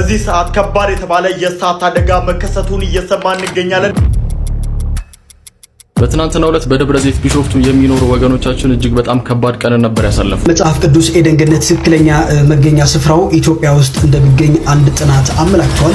እዚህ ሰዓት ከባድ የተባለ የእሳት አደጋ መከሰቱን እየሰማ እንገኛለን። በትናንትና ዕለት በደብረ ዘይት ቢሾፍቱ የሚኖሩ ወገኖቻችን እጅግ በጣም ከባድ ቀን ነበር ያሳለፉ። መጽሐፍ ቅዱስ ኤደን ገነት ትክክለኛ መገኛ ስፍራው ኢትዮጵያ ውስጥ እንደሚገኝ አንድ ጥናት አመላክቷል።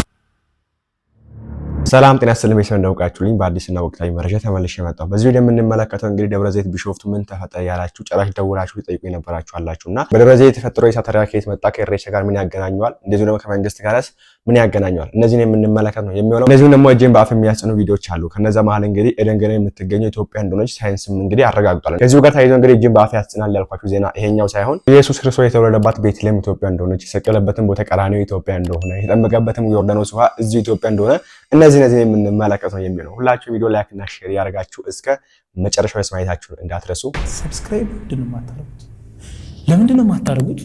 ሰላም ጤና ስልም ቤተሰብ እንዳውቃችሁልኝ በአዲስና ወቅታዊ መረጃ ተመልሼ መጣሁ። በዚህ ቪዲዮ የምንመለከተው እንግዲህ ደብረ ዘይት ቢሾፍቱ ምን ተፈጠረ ያላችሁ ጭራሽ ደውላችሁ ሊጠይቁ የነበራችሁ አላችሁ እና በደብረ ዘይት የተፈጠረው የእሳት አደጋ ከየት መጣ፣ ከኢሬቻ ጋር ምን ያገናኘዋል፣ እንደዚሁ ደግሞ ከመንግስት ጋርስ ምን ያገናኘዋል? እነዚህን የምንመለከት ነው የሚሆነው። እነዚህም ደግሞ እጄን በአፍ የሚያስጽኑ ቪዲዮዎች አሉ። ከነዛ መሀል እንግዲህ ኤደንገረን የምትገኘው ኢትዮጵያ እንደሆነች ሳይንስም እንግዲህ አረጋግጧል። ከዚሁ ጋር ተያይዞ እንግዲህ እጅን በአፍ ያስጽናል ያልኳችሁ ዜና ይሄኛው ሳይሆን ኢየሱስ ክርስቶስ የተወለደባት ቤተልሔም ኢትዮጵያ እንደሆነች፣ የሰቀለበትም ቦታ ቀራንዮ ኢትዮጵያ እንደሆነ፣ የጠመቀበትም ዮርዳኖስ ውሃ እዚሁ ኢትዮጵያ እንደሆነ እነዚህ እነዚህን የምንመለከት ነው የሚሆነው። ሁላችሁ ቪዲዮ ላይክ እና ሼር ያደርጋችሁ እስከ መጨረሻው ድረስ ማየታችሁን እንዳትረሱ። ሰብስክራይብ ምንድን ነው የማታደርጉት? ለምንድን ነው የማታደርጉት?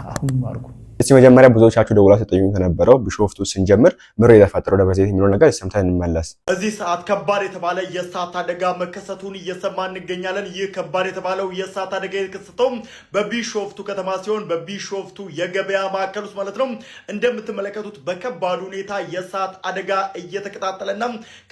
አሁን አድርጉ። እስቲ መጀመሪያ ብዙዎቻችሁ ደውላ ተጠይቁኝ ከነበረው ቢሾፍቱ ስንጀምር ምሮ የተፈጠረው ደብረ የሚለው ነገር ሰምተን እንመለስ። በዚህ ሰዓት ከባድ የተባለ የእሳት አደጋ መከሰቱን እየሰማ እንገኛለን። ይህ ከባድ የተባለው የእሳት አደጋ የተከሰተው በቢሾፍቱ ከተማ ሲሆን በቢሾፍቱ የገበያ ማዕከል ውስጥ ማለት ነው። እንደምትመለከቱት በከባድ ሁኔታ የእሳት አደጋ እየተቀጣጠለና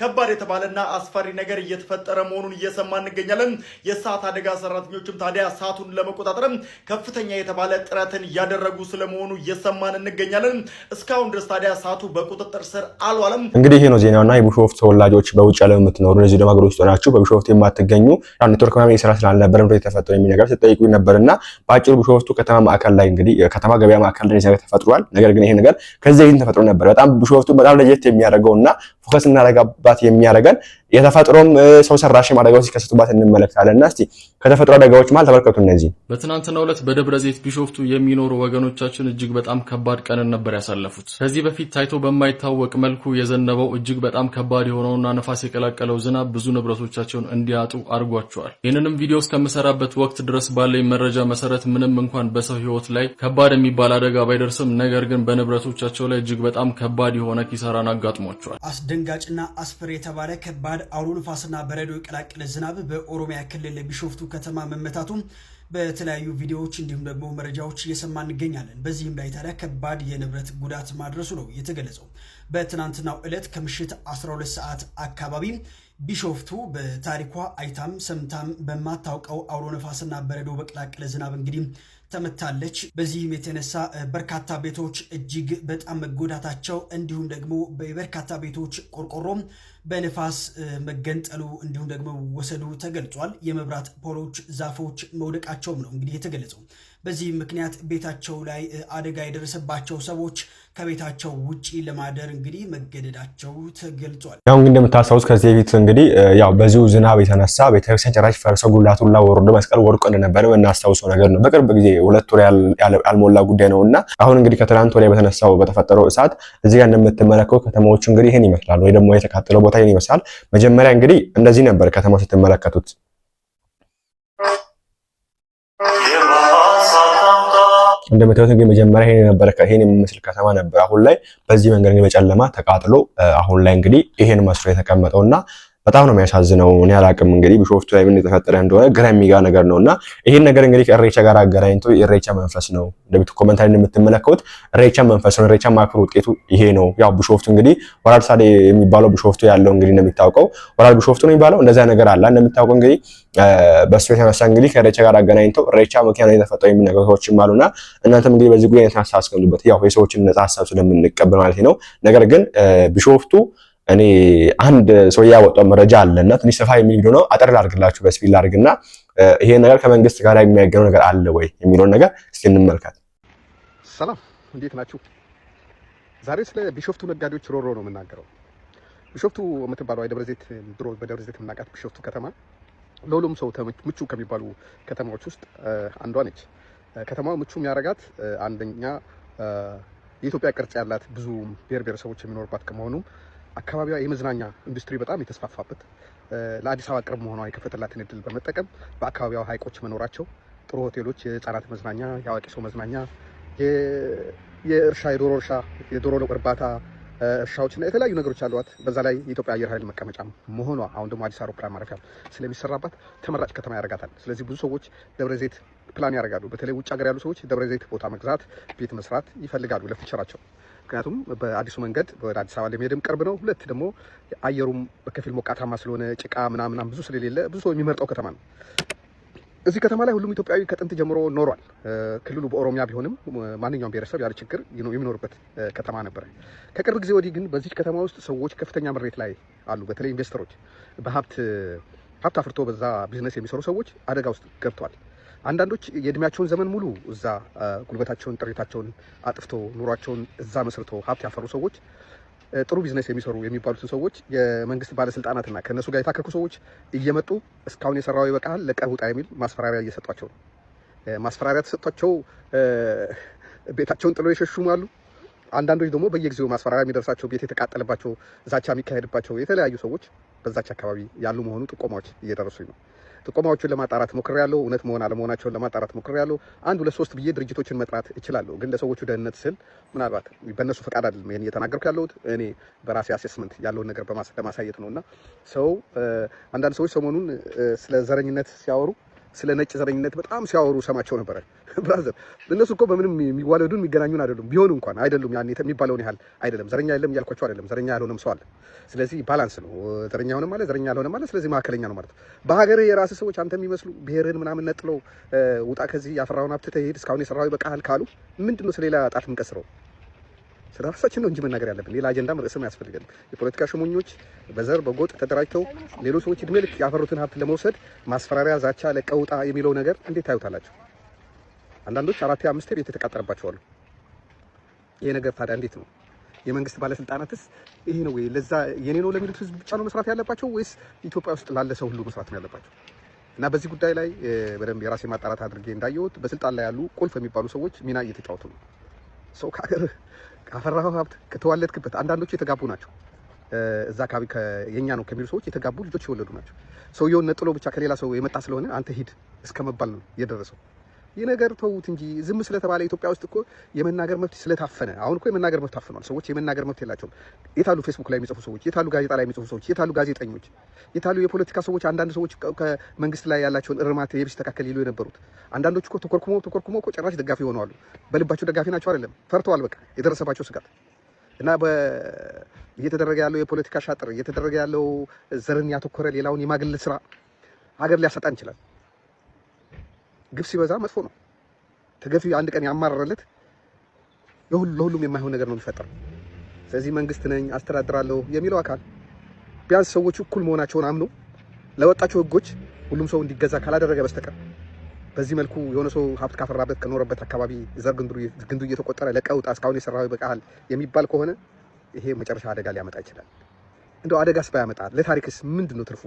ከባድ የተባለና አስፈሪ ነገር እየተፈጠረ መሆኑን እየሰማ እንገኛለን። የእሳት አደጋ ሰራተኞችም ታዲያ እሳቱን ለመቆጣጠር ከፍተኛ የተባለ ጥረትን ያደረጉ ስለመሆኑ እየሰማን እንገኛለን። እስካሁን ድረስ ታዲያ እሳቱ በቁጥጥር ስር አልዋለም። እንግዲህ ይህ ነው ዜናውና የቢሾፍቱ ተወላጆች በውጭ ያለ የምትኖሩ እነዚህ ደግሞ ሀገር ውስጥ ሆናችሁ በቢሾፍቱ የማትገኙ ኔትወርክ ማ ስራ ስላልነበረ ምድ የተፈጠሩ የሚል ነገር ስጠይቁ እና በአጭሩ ቢሾፍቱ ከተማ ማዕከል ላይ እንግዲህ ከተማ ገበያ ማዕከል ላይ ነገር ተፈጥሯል። ነገር ግን ይሄ ነገር ከዚህ በፊት ተፈጥሮ ነበር። በጣም ቢሾፍቱ በጣም ለየት የሚያደርገው እና ፎከስ እናደረጋባት የሚያደርገን የተፈጥሮም ሰው ሰራሽ አደጋዎች ሲከሰቱባት እንመለከታለን። እና እስቲ ከተፈጥሮ አደጋዎች መሀል ተመልከቱ እነዚህ። በትናንትናው ዕለት በደብረ ዘይት ቢሾፍቱ የሚኖሩ ወገኖቻችን እጅግ በጣም ከባድ ቀንን ነበር ያሳለፉት። ከዚህ በፊት ታይቶ በማይታወቅ መልኩ የዘነበው እጅግ በጣም ከባድ የሆነውና ነፋስ የቀላቀለው ዝናብ ብዙ ንብረቶቻቸውን እንዲያጡ አድርጓቸዋል። ይህንንም ቪዲዮ እስከምሰራበት ወቅት ድረስ ባለኝ መረጃ መሰረት ምንም እንኳን በሰው ህይወት ላይ ከባድ የሚባል አደጋ ባይደርስም፣ ነገር ግን በንብረቶቻቸው ላይ እጅግ በጣም ከባድ የሆነ ኪሳራን አጋጥሟቸዋል። አስደንጋጭና አስፈሪ የተባለ ከባድ አውሎ ንፋስና በረዶ የቀላቀለ ዝናብ በኦሮሚያ ክልል ቢሾፍቱ ከተማ መመታቱ በተለያዩ ቪዲዮዎች እንዲሁም ደግሞ መረጃዎች እየሰማ እንገኛለን። በዚህም ላይ ታዲያ ከባድ የንብረት ጉዳት ማድረሱ ነው የተገለጸው። በትናንትናው ዕለት ከምሽት 12 ሰዓት አካባቢ ቢሾፍቱ በታሪኳ አይታም ሰምታም በማታውቀው አውሎ ነፋስና በረዶ በቀላቀለ ዝናብ እንግዲህ ተመታለች። በዚህም የተነሳ በርካታ ቤቶች እጅግ በጣም መጎዳታቸው እንዲሁም ደግሞ በበርካታ ቤቶች ቆርቆሮም በንፋስ መገንጠሉ እንዲሁም ደግሞ ወሰዱ ተገልጿል። የመብራት ፖሎች፣ ዛፎች መውደቃቸውም ነው እንግዲህ የተገለጸው። በዚህ ምክንያት ቤታቸው ላይ አደጋ የደረሰባቸው ሰዎች ከቤታቸው ውጪ ለማደር እንግዲህ መገደዳቸው ተገልጿል። ያው እንግዲህ እንደምታስታውስ ከዚህ በፊት እንግዲህ ያው በዚሁ ዝናብ የተነሳ ቤተክርስቲያን ጭራሽ ፈርሶ ጉላቱላ ወርዶ መስቀል ወርቆ እንደነበረ እናስታውሰው ነገር ነው። በቅርብ ጊዜ ሁለት ወር ያልሞላ ጉዳይ ነው እና አሁን እንግዲህ ከትናንት ወዲያ በተነሳው በተፈጠረው እሳት እዚህ ጋር እንደምትመለከው ከተማዎቹ እንግዲህ ይህን ይመስላሉ ወይ ደግሞ የተቃጠለው ቦታ ይህን ይመስላል። መጀመሪያ እንግዲህ እንደዚህ ነበር ከተማው ስትመለከቱት እንደምታዩት እንግዲህ መጀመሪያ ይሄን ነበር ይሄን የሚመስል ከተማ ነበር። አሁን ላይ በዚህ መንገድ በጨለማ ተቃጥሎ አሁን ላይ እንግዲህ ይሄን መስሎ የተቀመጠውና በጣም ነው የሚያሳዝነው። እኔ አላቅም እንግዲህ ቢሾፍቱ ላይ ምን የተፈጠረ እንደሆነ ግራ የሚጋ ነገር ነው እና ይህን ነገር እንግዲህ ከእሬቻ ጋር አገናኝቶ የእሬቻ መንፈስ ነው እንደሚት ኮመንታሪ እንደምትመለከቱት እሬቻ መንፈስ ነው። እሬቻ ማክሮ ውጤቱ ይሄ ነው። ያው ቢሾፍቱ እንግዲህ ወራድ ሳዴ የሚባለው ቢሾፍቱ ያለው እንግዲህ እንደሚታወቀው ወራድ ቢሾፍቱ ነው የሚባለው እንደዛ ነገር አለ እንደሚታወቀው እንግዲህ በሱ የተነሳ እንግዲህ ከእሬቻ ጋር አገናኝተው እሬቻ ምክንያት ነው የተፈጠረው የሚነገሩ ሰዎችም አሉና እናንተም እንግዲህ በዚህ ጉዳይ የተነሳ አስቀምጡበት። ያው የሰዎችን ነጻ ሀሳብ ስለምንቀበል ማለት ነው። ነገር ግን ቢሾፍቱ እኔ አንድ ሰው ያወጣው መረጃ አለና ትንሽ ሰፋ የሚል ነው። አጠር ላድርግላችሁ በስፒል ላድርግና ይሄ ነገር ከመንግስት ጋር የሚያገነው ነገር አለ ወይ የሚለውን ነገር እስቲ እንመልከት። ሰላም፣ እንዴት ናችሁ? ዛሬ ስለ ቢሾፍቱ ነጋዴዎች ሮሮ ነው የምናገረው። ቢሾፍቱ የምትባለው ደብረ ዘይት ድሮ በደብረ ዘይት የምናውቃት ቢሾፍቱ ከተማ ለሁሉም ሰው ምቹ ከሚባሉ ከተማዎች ውስጥ አንዷ ነች። ከተማዋ ምቹ የሚያደርጋት አንደኛ የኢትዮጵያ ቅርጽ ያላት ብዙ ብሔር ብሔረሰቦች የሚኖርባት ከመሆኑም አካባቢዋ የመዝናኛ ኢንዱስትሪ በጣም የተስፋፋበት ለአዲስ አበባ ቅርብ መሆኗ የከፈተላትን እድል በመጠቀም በአካባቢዋ ሀይቆች መኖራቸው ጥሩ ሆቴሎች፣ የህፃናት መዝናኛ፣ የአዋቂ ሰው መዝናኛ፣ የእርሻ የዶሮ እርሻ፣ የዶሮ እርባታ እርሻዎች እና የተለያዩ ነገሮች አሏት። በዛ ላይ የኢትዮጵያ አየር ኃይል መቀመጫ መሆኗ አሁን ደግሞ አዲስ አውሮፕላን ማረፊያ ስለሚሰራባት ተመራጭ ከተማ ያደርጋታል። ስለዚህ ብዙ ሰዎች ደብረዘይት ፕላን ያደርጋሉ። በተለይ ውጭ ሀገር ያሉ ሰዎች ደብረዘት ቦታ መግዛት፣ ቤት መስራት ይፈልጋሉ ለፊቸራቸው። ምክንያቱም በአዲሱ መንገድ ወደ አዲስ አበባ ለመሄድም ቅርብ ነው። ሁለት ደግሞ አየሩም በከፊል ሞቃታማ ስለሆነ ጭቃ ምናምናም ብዙ ስለሌለ ብዙ ሰው የሚመርጠው ከተማ ነው። እዚህ ከተማ ላይ ሁሉም ኢትዮጵያዊ ከጥንት ጀምሮ ኖሯል። ክልሉ በኦሮሚያ ቢሆንም ማንኛውም ብሔረሰብ ያለ ችግር የሚኖርበት ከተማ ነበረ። ከቅርብ ጊዜ ወዲህ ግን በዚህ ከተማ ውስጥ ሰዎች ከፍተኛ ምሬት ላይ አሉ። በተለይ ኢንቨስተሮች በሀብት ሀብት አፍርቶ በዛ ቢዝነስ የሚሰሩ ሰዎች አደጋ ውስጥ ገብተዋል። አንዳንዶች የእድሜያቸውን ዘመን ሙሉ እዛ ጉልበታቸውን፣ ጥሪታቸውን አጥፍቶ ኑሯቸውን እዛ መስርቶ ሀብት ያፈሩ ሰዎች ጥሩ ቢዝነስ የሚሰሩ የሚባሉትን ሰዎች የመንግስት ባለስልጣናትና ከእነሱ ጋር የታከኩ ሰዎች እየመጡ እስካሁን የሰራው ይበቃል ለቀህ ውጣ የሚል ማስፈራሪያ እየሰጧቸው ነው። ማስፈራሪያ ተሰጥቷቸው ቤታቸውን ጥለው የሸሹም አሉ። አንዳንዶች ደግሞ በየጊዜው ማስፈራሪያ የሚደርሳቸው ቤት የተቃጠለባቸው ዛቻ የሚካሄድባቸው የተለያዩ ሰዎች በዛች አካባቢ ያሉ መሆኑ ጥቆማዎች እየደረሱኝ ነው። ጥቆማዎቹን ለማጣራት ሞክሬያለሁ። እውነት መሆን አለመሆናቸውን ለማጣራት ሞክሬያለሁ። አንድ ሁለት ሶስት ብዬ ድርጅቶችን መጥራት እችላለሁ። ግን ለሰዎቹ ደህንነት ስል ምናልባት በእነሱ ፈቃድ አይደለም ይህን እየተናገርኩ ያለሁት እኔ በራሴ አሴስመንት ያለውን ነገር ለማሳየት ነው እና ሰው አንዳንድ ሰዎች ሰሞኑን ስለ ዘረኝነት ሲያወሩ ስለ ነጭ ዘረኝነት በጣም ሲያወሩ ሰማቸው ነበረ። ብራዘር እነሱ እኮ በምንም የሚዋለዱን የሚገናኙን አይደሉም። ቢሆኑ እንኳን አይደሉም። ያን የሚባለውን ያህል አይደለም። ዘረኛ የለም እያልኳቸው አይደለም። ዘረኛ ያልሆነም ሰው አለ። ስለዚህ ባላንስ ነው። ዘረኛ ሆነ ማለት ዘረኛ ያልሆነ ማለት ስለዚህ መካከለኛ ነው ማለት ነው። በሀገር የራስ ሰዎች አንተ የሚመስሉ ብሔርን ምናምን ነጥለው ውጣ ከዚህ ያፈራውን ሀብት ተሄድ እስካሁን የሰራው ይበቃሃል ካሉ ምንድነው ስለሌላ ጣት የምንቀስረው? ስለ ራሳችን ነው እንጂ መናገር ያለብን ሌላ አጀንዳም ርዕስም አያስፈልገንም። የፖለቲካ ሽሙኞች በዘር በጎጥ ተደራጅተው ሌሎች ሰዎች እድሜ ልክ ያፈሩትን ሀብት ለመውሰድ ማስፈራሪያ፣ ዛቻ፣ ለቀውጣ የሚለው ነገር እንዴት ታዩታላችሁ? አንዳንዶች አራት አምስት ቤት የተቃጠለባቸዋሉ። ይሄ ነገር ታዲያ እንዴት ነው? የመንግስት ባለስልጣናትስ ይሄ ነው ወይ ለዛ የኔ ነው ለሚሉት ህዝብ ብቻ ነው መስራት ያለባቸው ወይስ ኢትዮጵያ ውስጥ ላለ ሰው ሁሉ መስራት ነው ያለባቸው? እና በዚህ ጉዳይ ላይ በደንብ የራሴ ማጣራት አድርጌ እንዳየሁት በስልጣን ላይ ያሉ ቁልፍ የሚባሉ ሰዎች ሚና እየተጫወቱ ነው። ሰው ከሀገር ካፈራኸው ሀብት ከተዋለድክበት፣ አንዳንዶቹ የተጋቡ ናቸው። እዛ አካባቢ የኛ ነው ከሚሉ ሰዎች የተጋቡ ልጆች የወለዱ ናቸው። ሰውየውን ነጥሎ ብቻ ከሌላ ሰው የመጣ ስለሆነ አንተ ሂድ እስከመባል ነው የደረሰው። ይህ ነገር ተዉት እንጂ ዝም ስለተባለ ኢትዮጵያ ውስጥ እኮ የመናገር መብት ስለታፈነ፣ አሁን እኮ የመናገር መብት ታፍኗል። ሰዎች የመናገር መብት የላቸውም። የታሉ ፌስቡክ ላይ የሚጽፉ ሰዎች፣ የታሉ ጋዜጣ ላይ የሚጽፉ ሰዎች፣ የታሉ ጋዜጠኞች፣ የታሉ የፖለቲካ ሰዎች? አንዳንድ ሰዎች ከመንግስት ላይ ያላቸውን እርማት የቢስተካከል ይሉ የነበሩት አንዳንዶች እኮ ተኮርኩሞ ተኮርኩሞ እኮ ጭራሽ ደጋፊ ሆነዋል። በልባቸው ደጋፊ ናቸው አይደለም፣ ፈርተዋል። በቃ የደረሰባቸው ስጋት እና እየተደረገ ያለው የፖለቲካ ሻጥር፣ እየተደረገ ያለው ዘርን ያተኮረ ሌላውን የማግለል ስራ ሀገር ሊያሳጣን ይችላል። ግፍ ሲበዛ መጥፎ ነው። ተገፊ አንድ ቀን ያማረረለት ለሁሉም የማይሆን ነገር ነው የሚፈጠር። ስለዚህ መንግስት ነኝ አስተዳድራለሁ የሚለው አካል ቢያንስ ሰዎቹ እኩል መሆናቸውን አምኖ ለወጣቸው ህጎች ሁሉም ሰው እንዲገዛ ካላደረገ በስተቀር በዚህ መልኩ የሆነ ሰው ሀብት ካፈራበት ከኖረበት አካባቢ ዘር ግንዱ እየተቆጠረ ለቀውጣ እስካሁን የሰራው በቃል የሚባል ከሆነ ይሄ መጨረሻ አደጋ ሊያመጣ ይችላል። እንደው አደጋስ ባያመጣ ለታሪክስ ምንድን ነው ትርፉ?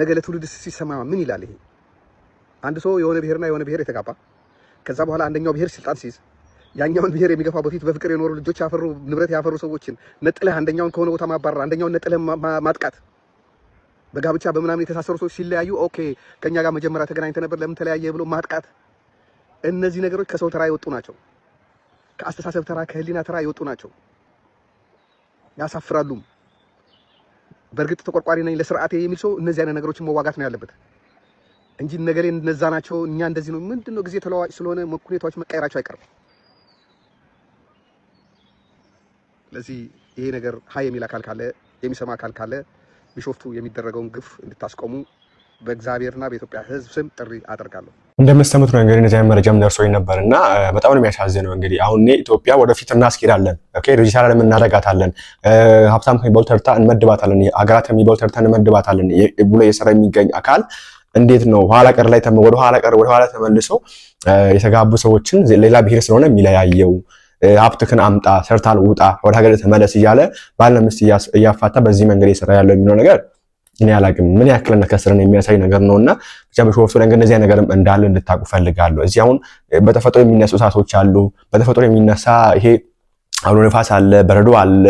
ነገ ለትውልድስ ሲሰማ ምን ይላል ይሄ? አንድ ሰው የሆነ ብሔርና የሆነ ብሔር የተጋባ ከዛ በኋላ አንደኛው ብሔር ስልጣን ሲይዝ ያኛውን ብሔር የሚገፋው በፊት በፍቅር የኖሩ ልጆች ያፈሩ ንብረት ያፈሩ ሰዎችን ነጥለህ አንደኛውን ከሆነ ቦታ ማባረር፣ አንደኛውን ነጥለህ ማጥቃት፣ በጋብቻ በምናምን የተሳሰሩ ሰዎች ሲለያዩ ኦኬ ከኛ ጋር መጀመሪያ ተገናኝተ ነበር ለምን ተለያየ ብሎ ማጥቃት። እነዚህ ነገሮች ከሰው ተራ የወጡ ናቸው። ከአስተሳሰብ ተራ፣ ከህሊና ተራ የወጡ ናቸው። ያሳፍራሉም። በእርግጥ ተቆርቋሪ ነኝ ለስርዓቴ የሚል ሰው እነዚህ አይነት ነገሮችን መዋጋት ነው ያለበት። እንጂ ነገር እነዛ ናቸው እኛ እንደዚህ ነው ምንድነው? ጊዜ ተለዋጭ ስለሆነ ሁኔታዎች መቀየራቸው አይቀርም። ስለዚህ ይሄ ነገር ሀይ የሚል አካል ካለ የሚሰማ አካል ካለ ቢሾፍቱ የሚደረገውን ግፍ እንድታስቆሙ በእግዚአብሔርና በኢትዮጵያ ሕዝብ ስም ጥሪ አደርጋለሁ። እንደምትሰሙት ነው እንግዲህ እነዚያን መረጃም ደርሶ ነበር እና በጣም ነው የሚያሳዝነው። እንግዲህ አሁን ኢትዮጵያ ወደፊት እናስኬዳለን፣ ዲጂታል ዓለም እናደርጋታለን፣ ሀብታም ከሚባሉ ተርታ እንመድባታለን፣ ሀገራት ከሚባሉ ተርታ እንመድባታለን ብሎ የሰራ የሚገኝ አካል እንዴት ነው ኋላ ቀር ላይ ወደ ኋላ ቀር ወደ ኋላ ተመልሶ የተጋቡ ሰዎችን ሌላ ብሔር ስለሆነ የሚለያየው ሀብትህን አምጣ ሰርታል ውጣ ወደ ሀገር ተመለስ እያለ ባልና ሚስት እያፋታ በዚህ መንገድ እየሰራ ያለው የሚለው ነገር እኔ አላቅም ምን ያክል እንደከሰረን የሚያሳይ ነገር ነውና ብቻ በሾፍቱ ላይ እንደዚህ ነገርም እንዳለ እንድታቁ ፈልጋለሁ። እዚህ አሁን በተፈጥሮ የሚነሱ እሳቶች አሉ። በተፈጥሮ የሚነሳ ይሄ አውሎ ነፋስ አለ፣ በረዶ አለ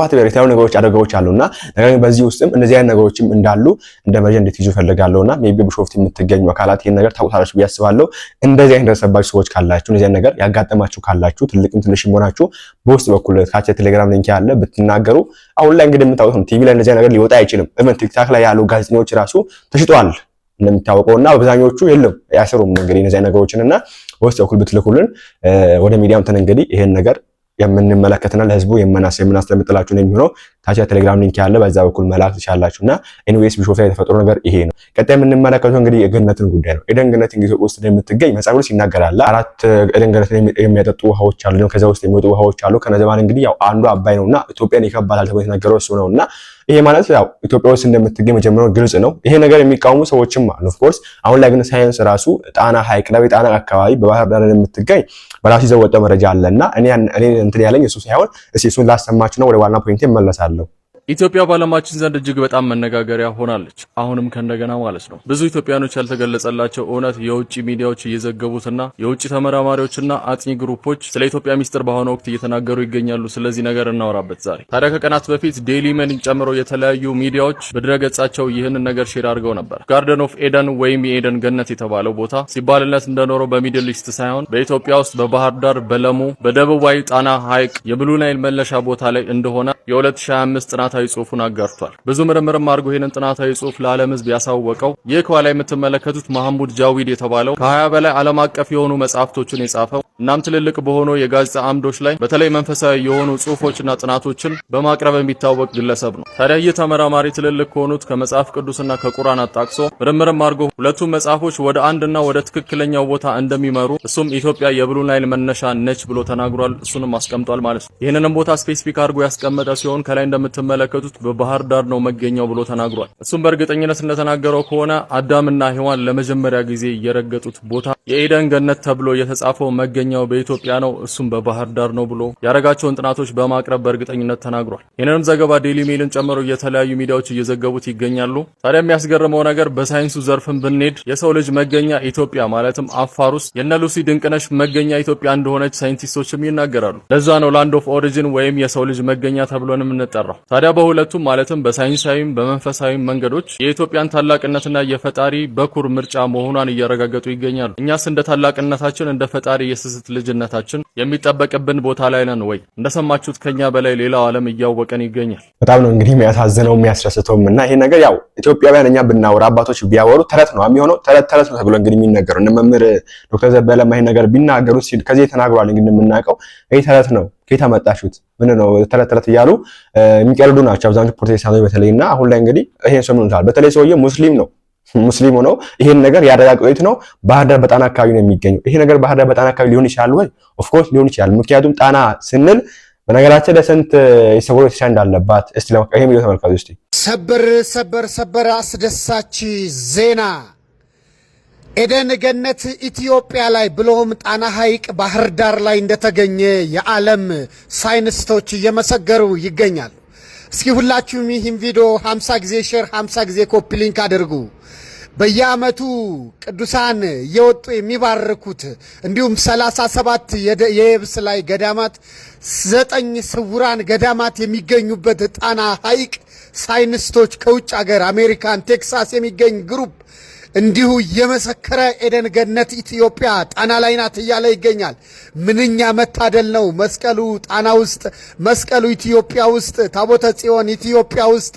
ዋትቨር የተለያዩ ነገሮች አደጋዎች አሉና ነገር ግን በዚህ ውስጥም እነዚህ አይነት ነገሮችም እንዳሉ እንደ መረጃ እንድትይዙ ፈልጋለሁና ሜይ ቢ ብሾፍት የምትገኙ አካላት ይህን ነገር ታውቁታላችሁ ብዬ አስባለሁ። እንደዚህ አይነት ደረሰባችሁ ሰዎች ካላችሁ እነዚህ አይነት ነገር ያጋጠማችሁ ካላችሁ ትልቅም ትንሽም ሆናችሁ በውስጥ በኩል ካቸ ቴሌግራም ሊንክ ያለ ብትናገሩ አሁን ላይ እንግዲህ የምታውቁት ነው። ቲቪ ላይ እንደዚህ ነገር ሊወጣ አይችልም። እመን ቲክታክ ላይ ያሉ ጋዜጠኞች ራሱ ተሽጧል እንደሚታወቀው እና አብዛኞቹ የለም ያሰሩም እንግዲህ እነዚህ ነገሮችን እና በውስጥ በኩል ብትልኩልን ወደ ሚዲያም እንትን እንግዲህ ይሄን ነገር የምንመለከትና ለህዝቡ የምናስ የምናስለምጥላችሁ ነው የሚሆነው። ታች ቴሌግራም ሊንክ ያለ በዛ በኩል መላክ ትችላላችሁ። እና ኤንዌስ ቢሾፍቱ ላይ የተፈጠረው ነገር ይሄ ነው። ቀጣይ የምንመለከተው እንግዲህ የገነትን ጉዳይ ነው። ኤደን ገነት እንግዲህ ውስጥ እንደምትገኝ መጽሐፍ ቅዱስ ይናገራል። አራት ኤደን ገነት የሚያጠጡ ውሃዎች አሉ፣ ከዛ ውስጥ የሚወጡ ውሃዎች አሉ። ከነዚያ እንግዲህ ያው አንዱ አባይ ነውና ኢትዮጵያን ይከባላል ተብሎ የተነገረው እሱ ነውና ይሄ ማለት ያው ኢትዮጵያ ውስጥ እንደምትገኝ መጀመሪያው ግልጽ ነው። ይሄ ነገር የሚቃወሙ ሰዎችም አሉ ኦፍኮርስ። አሁን ላይ ግን ሳይንስ ራሱ ጣና ሐይቅ ላይ ጣና አካባቢ በባህር ዳር እንደምትገኝ በራሱ ይዘወጠ መረጃ አለና እኔ እኔ እንትን ያለኝ እሱ ሳይሆን እስኪ እሱን ላሰማችሁ ነው። ወደ ዋና ፖይንቴ መለሳለሁ። আনলো ኢትዮጵያ በዓለማችን ዘንድ እጅግ በጣም መነጋገሪያ ሆናለች። አሁንም ከእንደገና ማለት ነው። ብዙ ኢትዮጵያኖች ያልተገለጸላቸው እውነት የውጭ ሚዲያዎች እየዘገቡትና የውጭ ተመራማሪዎችና አጥኚ ግሩፖች ስለ ኢትዮጵያ ሚስጥር በአሁኑ ወቅት እየተናገሩ ይገኛሉ። ስለዚህ ነገር እናወራበት ዛሬ። ታዲያ ከቀናት በፊት ዴይሊ ሜልን ጨምሮ የተለያዩ ሚዲያዎች በድረገጻቸው ይህንን ነገር ሼር አድርገው ነበር። ጋርደን ኦፍ ኤደን ወይም የኤደን ገነት የተባለው ቦታ ሲባልነት እንደኖረው በሚድል ኢስት ሳይሆን በኢትዮጵያ ውስጥ በባህር ዳር በለሙ በደቡባዊ ጣና ሐይቅ የብሉ ናይል መለሻ ቦታ ላይ እንደሆነ የ2025 ጥናት ጥናታዊ ጽሑፉን አጋርቷል። ብዙ ምርምርም አድርጎ ይህንን ጥናታዊ ጽሑፍ ለዓለም ህዝብ ያሳወቀው ይህ ከኋላ የምትመለከቱት መሐሙድ ጃዊድ የተባለው ከ20 በላይ ዓለም አቀፍ የሆኑ መጽሐፍቶችን የጻፈው እናም ትልልቅ በሆኑ የጋዜጣ አምዶች ላይ በተለይ መንፈሳዊ የሆኑ ጽሑፎችና ጥናቶችን በማቅረብ የሚታወቅ ግለሰብ ነው። ታዲያ ይህ ተመራማሪ ትልልቅ ከሆኑት ከመጽሐፍ ቅዱስና ከቁርአን አጣቅሶ ምርምርም አድርጎ ሁለቱም መጽሐፎች ወደ አንድና ወደ ትክክለኛው ቦታ እንደሚመሩ እሱም ኢትዮጵያ የብሉ ናይል መነሻ ነች ብሎ ተናግሯል። እሱንም አስቀምጧል ማለት ነው። ይህንንም ቦታ ስፔሲፊክ አድርጎ ያስቀመጠ ሲሆን ከላይ እንደምትመለከ እንደምትመለከቱት በባህር ዳር ነው መገኛው ብሎ ተናግሯል። እሱም በእርግጠኝነት እንደተናገረው ከሆነ አዳምና ሔዋን ለመጀመሪያ ጊዜ የረገጡት ቦታ የኤደን ገነት ተብሎ የተጻፈው መገኛው በኢትዮጵያ ነው፣ እሱም በባህር ዳር ነው ብሎ ያደረጋቸውን ጥናቶች በማቅረብ በእርግጠኝነት ተናግሯል። ይህንንም ዘገባ ዴሊ ሜልን ጨምሮ የተለያዩ ሚዲያዎች እየዘገቡት ይገኛሉ። ታዲያ የሚያስገርመው ነገር በሳይንሱ ዘርፍን ብንሄድ የሰው ልጅ መገኛ ኢትዮጵያ ማለትም አፋር ውስጥ የነ ሉሲ ድንቅነሽ መገኛ ኢትዮጵያ እንደሆነች ሳይንቲስቶችም ይናገራሉ። ለዛ ነው ላንድ ኦፍ ኦሪጂን ወይም የሰው ልጅ መገኛ ተብሎንም እንጠራው። ታዲያ በሁለቱም ማለትም በሳይንሳዊም በመንፈሳዊም መንገዶች የኢትዮጵያን ታላቅነትና የፈጣሪ በኩር ምርጫ መሆኗን እያረጋገጡ ይገኛሉ። እኛስ እንደ ታላቅነታችን እንደ ፈጣሪ የስስት ልጅነታችን የሚጠበቅብን ቦታ ላይ ነን ወይ? እንደሰማችሁት ከኛ በላይ ሌላው ዓለም እያወቀን ይገኛል። በጣም ነው እንግዲህ የሚያሳዝነው የሚያስደስተውም እና ይሄ ነገር ያው ኢትዮጵያውያን እኛ ብናወራ አባቶች ቢያወሩ ተረት ነው የሚሆነው ተረት ተረት ነው ተብሎ እንግዲህ የሚነገሩ እነ መምህር ዶክተር ዘበለማ ይሄ ነገር ቢናገሩ ከዚህ ተናግሯል። እንግዲህ የምናውቀው ይህ ተረት ነው ከየት አመጣችሁት ምን ነው ተረት ተረት እያሉ የሚቀልዱ ናቸው አብዛኞቹ ፕሮቴስታንቶች በተለይ እና አሁን ላይ እንግዲህ ይሄን ሰው ምንታል በተለይ ሰውዬው ሙስሊም ነው ሙስሊም ሆነው ይሄን ነገር ያረጋግጡት ነው። ባህር ዳር በጣና አካባቢ ነው የሚገኘው ይሄ ነገር። ባህር ዳር በጣና አካባቢ ሊሆን ይችላል ወይ? ኦፍ ኮርስ ሊሆን ይችላል። ምክንያቱም ጣና ስንል በነገራችን ለስንት የሰው ልጅ እንዳለባት እስቲ ለማቀየም እስቲ። ሰበር ሰበር ሰበር አስደሳች ዜና ኤደን ገነት ኢትዮጵያ ላይ ብሎም ጣና ሐይቅ ባህር ዳር ላይ እንደተገኘ የዓለም ሳይንስቶች እየመሰገሩ ይገኛሉ። እስኪ ሁላችሁም ይህም ቪዲዮ 50 ጊዜ ሼር፣ 50 ጊዜ ኮፒ ሊንክ አድርጉ። በየዓመቱ ቅዱሳን እየወጡ የሚባርኩት እንዲሁም 37 የየብስ ላይ ገዳማት ዘጠኝ ስውራን ገዳማት የሚገኙበት ጣና ሐይቅ ሳይንስቶች ከውጭ ሀገር አሜሪካን ቴክሳስ የሚገኝ ግሩፕ እንዲሁ እየመሰከረ ኤደን ገነት ኢትዮጵያ ጣና ላይ ናት እያለ ይገኛል። ምንኛ መታደል ነው! መስቀሉ ጣና ውስጥ፣ መስቀሉ ኢትዮጵያ ውስጥ፣ ታቦተ ጽዮን ኢትዮጵያ ውስጥ፣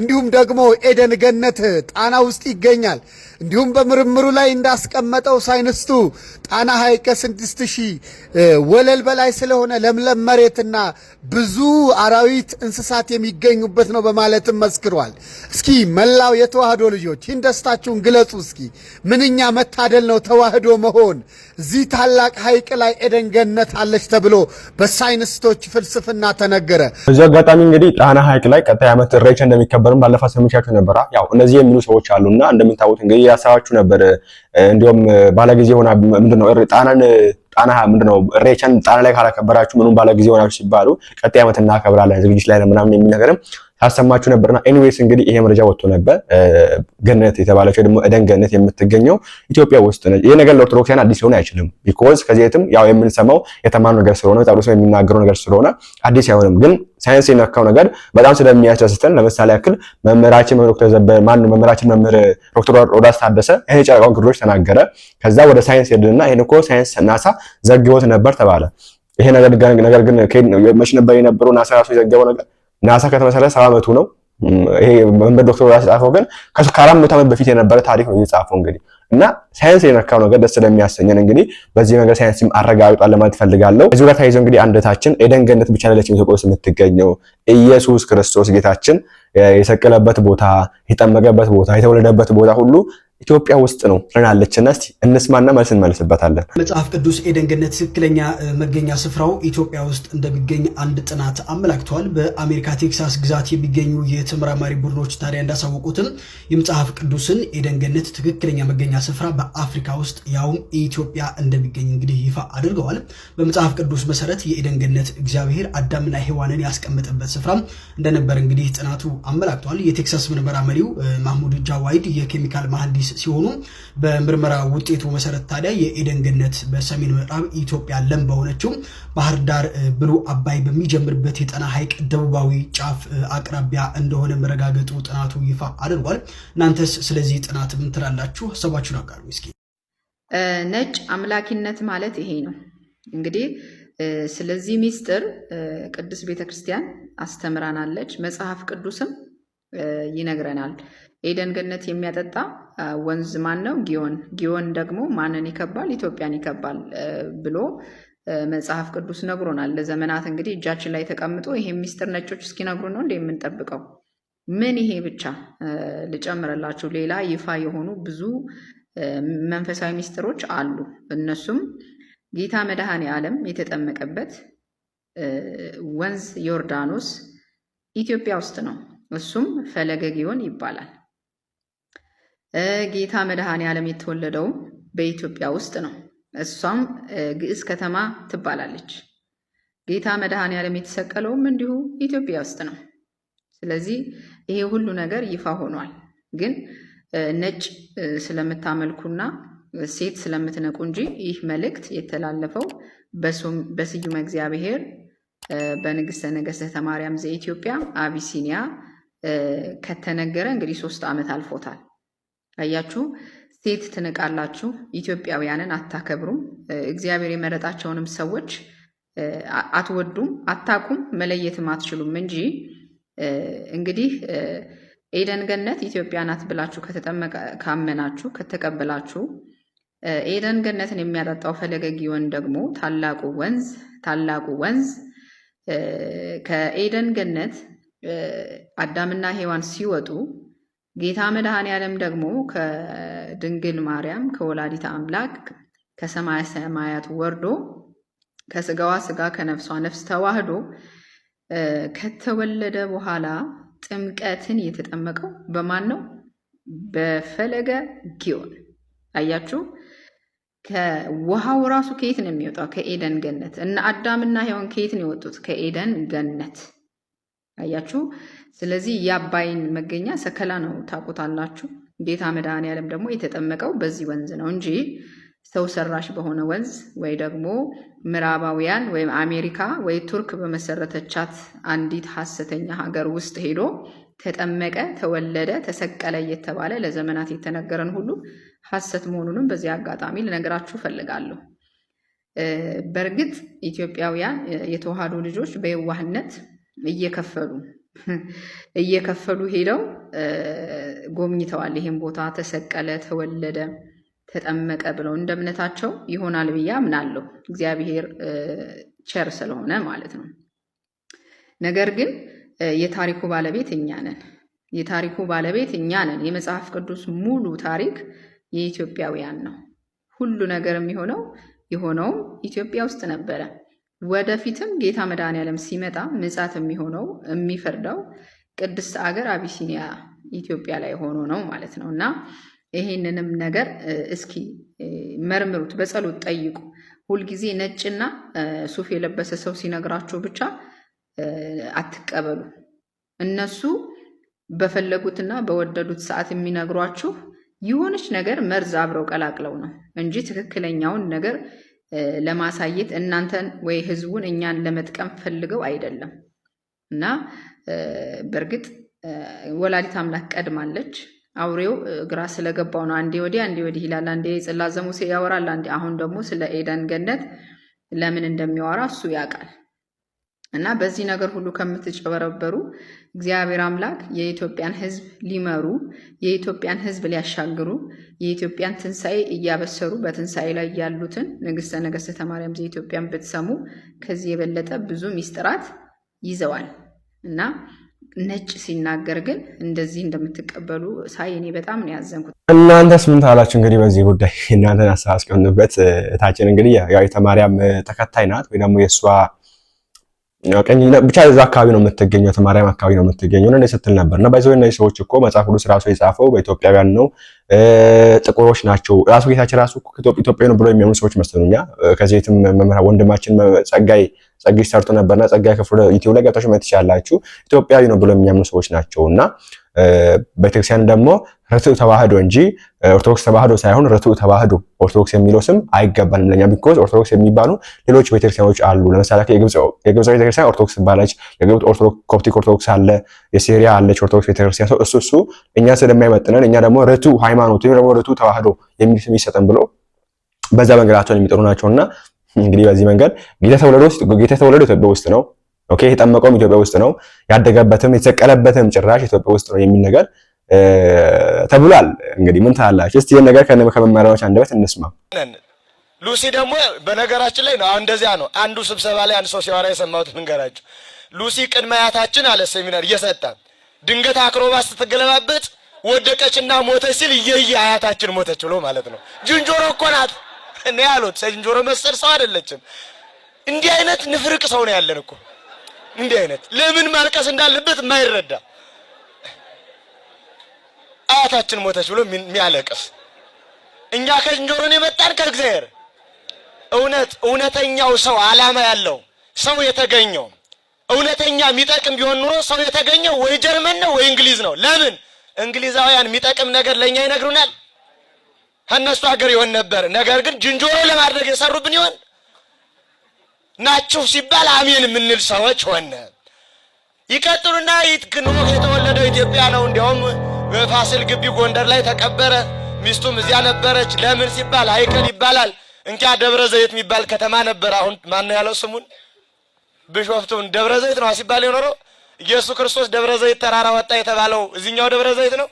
እንዲሁም ደግሞ ኤደን ገነት ጣና ውስጥ ይገኛል። እንዲሁም በምርምሩ ላይ እንዳስቀመጠው ሳይንስቱ ጣና ሐይቅ ከስድስት ሺህ ወለል በላይ ስለሆነ ለምለም መሬትና ብዙ አራዊት፣ እንስሳት የሚገኙበት ነው በማለትም መስክሯል። እስኪ መላው የተዋህዶ ልጆች ይህን ደስታችሁን ግለጹ። እስኪ ምንኛ መታደል ነው ተዋህዶ መሆን። እዚህ ታላቅ ሐይቅ ላይ ኤደን ገነት አለች ተብሎ በሳይንስቶች ፍልስፍና ተነገረ። በዚህ አጋጣሚ እንግዲህ ጣና ሐይቅ ላይ ቀጣይ ዓመት እሬቻ እንደሚከበርም ባለፈው ሰምቻችሁ ነበራ። ያው እነዚህ የሚሉ ሰዎች አሉና እንደምታውቁት እንግዲህ እያሳባችሁ ነበር። እንዲሁም ባለጊዜ ሆና ምንድነው ጣናን ጣና ምንድነው እሬቻን ጣና ላይ ካላከበራችሁ ምንም ባለጊዜ ሆናችሁ ሲባሉ ቀጣይ ዓመት እናከብራለን ዝግጅት ላይ ምናምን የሚነገርም ታሰማችሁ ነበርና ኤኒዌይስ እንግዲህ ይሄ መረጃ ወጥቶ ነበር። ገነት የተባለችው ደግሞ ኤደን ገነት የምትገኘው ኢትዮጵያ ውስጥ ነች። ይሄ ነገር ለኦርቶዶክሳን አዲስ ሊሆን አይችልም። ቢኮዝ ከዚህ የትም ያው የምንሰማው የተማሩ ነገር ስለሆነ ሰው የሚናገረው ነገር ስለሆነ አዲስ አይሆንም። ግን ሳይንስ የነካው ነገር በጣም ስለሚያስደስተን ለምሳሌ ያክል መምህራችን ዶክተር ዘበ ማን መምህራችን መምህር ዶክተር ሮዳስ ታደሰ ይሄን የጨረቃውን ግዶች ተናገረ። ከዛ ወደ ሳይንስ ሄድንና ይሄን እኮ ሳይንስ ናሳ ዘግቦት ነበር ተባለ። ይሄ ነገር ግን መቼ ነበር የነበረው ናሳ ራሱ የዘገበው ነገር ናሳ ከተመሰረተ ሰባ ዓመቱ ነው። ይሄ መንበር ዶክተር ራስ ጻፈው ግን ከአራት መቶ ዓመት በፊት የነበረ ታሪክ ነው የጻፈው እንግዲህ እና ሳይንስ የነካው ነገር ደስ ስለሚያሰኘን እንግዲህ በዚህ ነገር ሳይንስም አረጋግጧል ለማለት ፈልጋለሁ። እዚህ ጋር ተያይዘው እንግዲህ አንድነታችን ኤደን ገነት ብቻ ለለች ኢትዮጵያ ውስጥ የምትገኘው ኢየሱስ ክርስቶስ ጌታችን የሰቀለበት ቦታ፣ የተጠመቀበት ቦታ፣ የተወለደበት ቦታ ሁሉ ኢትዮጵያ ውስጥ ነው ትለናለች እና እስቲ እንስማና መልስ እንመልስበታለን። መጽሐፍ ቅዱስ ኤደንገነት ገነት ትክክለኛ መገኛ ስፍራው ኢትዮጵያ ውስጥ እንደሚገኝ አንድ ጥናት አመላክተዋል። በአሜሪካ ቴክሳስ ግዛት የሚገኙ የተመራማሪ ቡድኖች ታዲያ እንዳሳወቁትም የመጽሐፍ ቅዱስን የኤደን ገነት ትክክለኛ መገኛ ስፍራ በአፍሪካ ውስጥ ያውም ኢትዮጵያ እንደሚገኝ እንግዲህ ይፋ አድርገዋል። በመጽሐፍ ቅዱስ መሰረት የኤደን ገነት እግዚአብሔር አዳምና ሔዋንን ያስቀመጠበት ስፍራ እንደነበር እንግዲህ ጥናቱ አመላክተዋል። የቴክሳስ ምርመራ መሪው ማህሙድ ጃዋይድ የኬሚካል መሐንዲስ ሲሆኑ በምርመራ ውጤቱ መሰረት ታዲያ የኤደን ገነት በሰሜን ምዕራብ ኢትዮጵያ ለም በሆነችው ባህር ዳር ብሉ አባይ በሚጀምርበት የጠና ሐይቅ ደቡባዊ ጫፍ አቅራቢያ እንደሆነ መረጋገጡ ጥናቱ ይፋ አድርጓል። እናንተስ ስለዚህ ጥናት ምን ትላላችሁ? ሀሳባችሁን አጋሩ። እስኪ ነጭ አምላኪነት ማለት ይሄ ነው እንግዲህ። ስለዚህ ሚስጥር ቅዱስ ቤተክርስቲያን አስተምራናለች፣ መጽሐፍ ቅዱስም ይነግረናል። ኤደን ገነት የሚያጠጣ ወንዝ ማን ነው? ጊዮን። ጊዮን ደግሞ ማንን ይከባል? ኢትዮጵያን ይከባል ብሎ መጽሐፍ ቅዱስ ነግሮናል። ለዘመናት እንግዲህ እጃችን ላይ ተቀምጦ ይሄ ሚስጥር ነጮች እስኪነግሩ ነው እንደ የምንጠብቀው። ምን ይሄ ብቻ ልጨምረላችሁ ሌላ ይፋ የሆኑ ብዙ መንፈሳዊ ሚስጥሮች አሉ። እነሱም ጌታ መድኃኔ ዓለም የተጠመቀበት ወንዝ ዮርዳኖስ ኢትዮጵያ ውስጥ ነው። እሱም ፈለገ ጊዮን ይባላል። ጌታ መድኃኔ ዓለም የተወለደውም በኢትዮጵያ ውስጥ ነው። እሷም ግዕዝ ከተማ ትባላለች። ጌታ መድኃኔ ዓለም የተሰቀለውም እንዲሁ ኢትዮጵያ ውስጥ ነው። ስለዚህ ይሄ ሁሉ ነገር ይፋ ሆኗል። ግን ነጭ ስለምታመልኩና ሴት ስለምትነቁ እንጂ ይህ መልእክት የተላለፈው በስዩመ እግዚአብሔር በንግስተ ነገስተ ተማርያም ዘኢትዮጵያ አቢሲኒያ ከተነገረ እንግዲህ ሶስት ዓመት አልፎታል። አያችሁ፣ ሴት ትንቃላችሁ፣ ኢትዮጵያውያንን አታከብሩም፣ እግዚአብሔር የመረጣቸውንም ሰዎች አትወዱም፣ አታቁም፣ መለየትም አትችሉም እንጂ እንግዲህ ኤደን ገነት ኢትዮጵያ ናት ብላችሁ ከተጠመቀ ካመናችሁ ከተቀበላችሁ ኤደን ገነትን የሚያጠጣው ፈለገ ጊዮን ደግሞ ታላቁ ወንዝ ታላቁ ወንዝ ከኤደን ገነት አዳምና ሔዋን ሲወጡ ጌታ መድኃኔ ዓለም ደግሞ ከድንግል ማርያም ከወላዲተ አምላክ ከሰማይ ሰማያት ወርዶ ከስጋዋ ስጋ ከነፍሷ ነፍስ ተዋህዶ ከተወለደ በኋላ ጥምቀትን የተጠመቀው በማን ነው? በፈለገ ጊዮን። አያችሁ፣ ከውሃው ራሱ ከየት ነው የሚወጣው? ከኤደን ገነት። እና አዳምና ሔዋን ከየት ነው የወጡት? ከኤደን ገነት። አያችሁ። ስለዚህ የአባይን መገኛ ሰከላ ነው ታውቁታላችሁ። ጌታ መድኃኔዓለም ደግሞ የተጠመቀው በዚህ ወንዝ ነው እንጂ ሰው ሰራሽ በሆነ ወንዝ ወይ ደግሞ ምዕራባውያን ወይም አሜሪካ ወይ ቱርክ በመሰረተቻት አንዲት ሀሰተኛ ሀገር ውስጥ ሄዶ ተጠመቀ፣ ተወለደ፣ ተሰቀለ እየተባለ ለዘመናት የተነገረን ሁሉ ሀሰት መሆኑንም በዚህ አጋጣሚ ልነግራችሁ ፈልጋለሁ በእርግጥ ኢትዮጵያውያን የተዋህዶ ልጆች በየዋህነት እየከፈሉ እየከፈሉ ሄደው ጎብኝተዋል። ይህም ቦታ ተሰቀለ፣ ተወለደ፣ ተጠመቀ ብለው እንደ እምነታቸው ይሆናል ብዬ አምናለሁ። እግዚአብሔር ቸር ስለሆነ ማለት ነው። ነገር ግን የታሪኩ ባለቤት እኛ ነን። የታሪኩ ባለቤት እኛ ነን። የመጽሐፍ ቅዱስ ሙሉ ታሪክ የኢትዮጵያውያን ነው። ሁሉ ነገር የሚሆነው የሆነውም ኢትዮጵያ ውስጥ ነበረ። ወደፊትም ጌታ መድኃኔዓለም ሲመጣ ምጻት የሚሆነው የሚፈርደው ቅድስት አገር አቢሲኒያ ኢትዮጵያ ላይ ሆኖ ነው ማለት ነው። እና ይሄንንም ነገር እስኪ መርምሩት፣ በጸሎት ጠይቁ። ሁልጊዜ ነጭና ሱፍ የለበሰ ሰው ሲነግራችሁ ብቻ አትቀበሉ። እነሱ በፈለጉትና በወደዱት ሰዓት የሚነግሯችሁ የሆነች ነገር መርዝ አብረው ቀላቅለው ነው እንጂ ትክክለኛውን ነገር ለማሳየት እናንተን ወይ ህዝቡን እኛን ለመጥቀም ፈልገው አይደለም እና በእርግጥ ወላዲት አምላክ ቀድማለች። አውሬው ግራ ስለገባው ነው። አንዴ ወዲህ አንዴ ወዲህ ይላል። አንዴ ጽላተ ሙሴ ያወራል። አንዴ አሁን ደግሞ ስለ ኤደን ገነት ለምን እንደሚያወራ እሱ ያውቃል። እና በዚህ ነገር ሁሉ ከምትጨበረበሩ እግዚአብሔር አምላክ የኢትዮጵያን ሕዝብ ሊመሩ የኢትዮጵያን ሕዝብ ሊያሻግሩ የኢትዮጵያን ትንሣኤ እያበሰሩ በትንሣኤ ላይ ያሉትን ንግሥተ ነገሥተ ማርያም ዘኢትዮጵያን ብትሰሙ ከዚህ የበለጠ ብዙ ሚስጥራት ይዘዋል እና ነጭ ሲናገር ግን እንደዚህ እንደምትቀበሉ ሳይ እኔ በጣም ነው ያዘንኩት። እናንተስ ምን ታላችሁ? እንግዲህ በዚህ ጉዳይ እናንተን አሳስቀኑበት። እታችን እንግዲህ ያው የተማርያም ተከታይ ናት ወይ ደግሞ የእሷ ብቻ እዛ አካባቢ ነው የምትገኘው፣ ተማሪያም አካባቢ ነው የምትገኘው ነው ስትል ነበር። እና ባይዘው እነዚህ ሰዎች እኮ መጽሐፍ ቅዱስ ራሱ የጻፈው በኢትዮጵያውያን ነው፣ ጥቁሮች ናቸው። ራሱ ጌታችን ራሱ ኢትዮጵያ ነው ብሎ የሚያምኑ ሰዎች መስሉኛ። ከዚህም መምህር ወንድማችን ጸጋይ ጸጋይ ሰርቶ ነበርና ጸጋይ ክፍሉ ዩቲዩብ ላይ ገብታችሁ ማየት ትችላላችሁ። ኢትዮጵያዊ ነው ብሎ የሚያምኑ ሰዎች ናቸው እና ቤተክርስቲያን ደግሞ ርቱዕ ተዋህዶ እንጂ ኦርቶዶክስ ተዋህዶ ሳይሆን ርቱዕ ተዋህዶ ኦርቶዶክስ የሚለው ስም አይገባንም ለኛ። ቢኮዝ ኦርቶዶክስ የሚባሉ ሌሎች ቤተክርስቲያኖች አሉ። ለምሳሌ የግብፅ ቤተክርስቲያን ኦርቶዶክስ ትባላለች። የግብፅ ኮፕቲክ ኦርቶዶክስ አለ፣ የሲሪያ አለች ኦርቶዶክስ ቤተክርስቲያን። ሰው እሱ እሱ እኛ ስለማይመጥነን እኛ ደግሞ ርቱዕ ሃይማኖት ወይም ደግሞ ርቱዕ ተዋህዶ የሚል ስም ይሰጠን ብሎ በዛ መንገዳቸውን የሚጠሩ ናቸውና እንግዲህ በዚህ መንገድ ጌታ የተወለደው ኢትዮጵያ ውስጥ ነው። ኦኬ የጠመቀውም ኢትዮጵያ ውስጥ ነው ያደገበትም የተሰቀለበትም ጭራሽ ኢትዮጵያ ውስጥ ነው የሚል ነገር ተብሏል። እንግዲህ ምን ታላችሁ? እስቲ ይሄን ነገር ከመመሪያዎች አንደበት እንስማ። ሉሲ ደግሞ በነገራችን ላይ ነው እንደዚያ ነው። አንዱ ስብሰባ ላይ አንድ ሰው ሲያወራ የሰማሁት ልንገራችሁ። ሉሲ ቅድመ አያታችን አለ ሴሚናር እየሰጣ ድንገት አክሮባ ስትገለባበጥ ወደቀችና ሞተች ሲል እየየ አያታችን ሞተች ብሎ ማለት ነው። ዝንጀሮ እኮ ናት እኔ ያሉት ዝንጀሮ መሰል ሰው አይደለችም። እንዲህ አይነት ንፍርቅ ሰው ነው ያለን እኮ እንዲህ አይነት ለምን ማልቀስ እንዳለበት ማይረዳ አያታችን ሞተች ብሎ የሚያለቅስ እኛ ከእንጆሮን የመጣን ከእግዚአብሔር እውነት እውነተኛው ሰው ዓላማ ያለው ሰው የተገኘው እውነተኛ የሚጠቅም ቢሆን ኑሮ ሰው የተገኘው ወይ ጀርመን ነው ወይ እንግሊዝ ነው። ለምን እንግሊዛውያን የሚጠቅም ነገር ለእኛ ይነግሩናል? ከእነሱ ሀገር ይሆን ነበር። ነገር ግን ዝንጀሮ ለማድረግ የሰሩብን ይሆን? ናችሁ ሲባል አሜን የምንል ሰዎች ሆነ። ይቀጥሉና ይትክንሙክ የተወለደው ኢትዮጵያ ነው። እንዲያውም በፋሲል ግቢ ጎንደር ላይ ተቀበረ። ሚስቱም እዚያ ነበረች። ለምን ሲባል አይከል ይባላል። እንኪያ ደብረ ዘይት የሚባል ከተማ ነበር። አሁን ማነው ያለው ስሙን? ብሾፍቱን ደብረ ዘይት ነው ሲባል የኖረው ኢየሱስ ክርስቶስ ደብረ ዘይት ተራራ ወጣ የተባለው እዚህኛው ደብረ ዘይት ነው።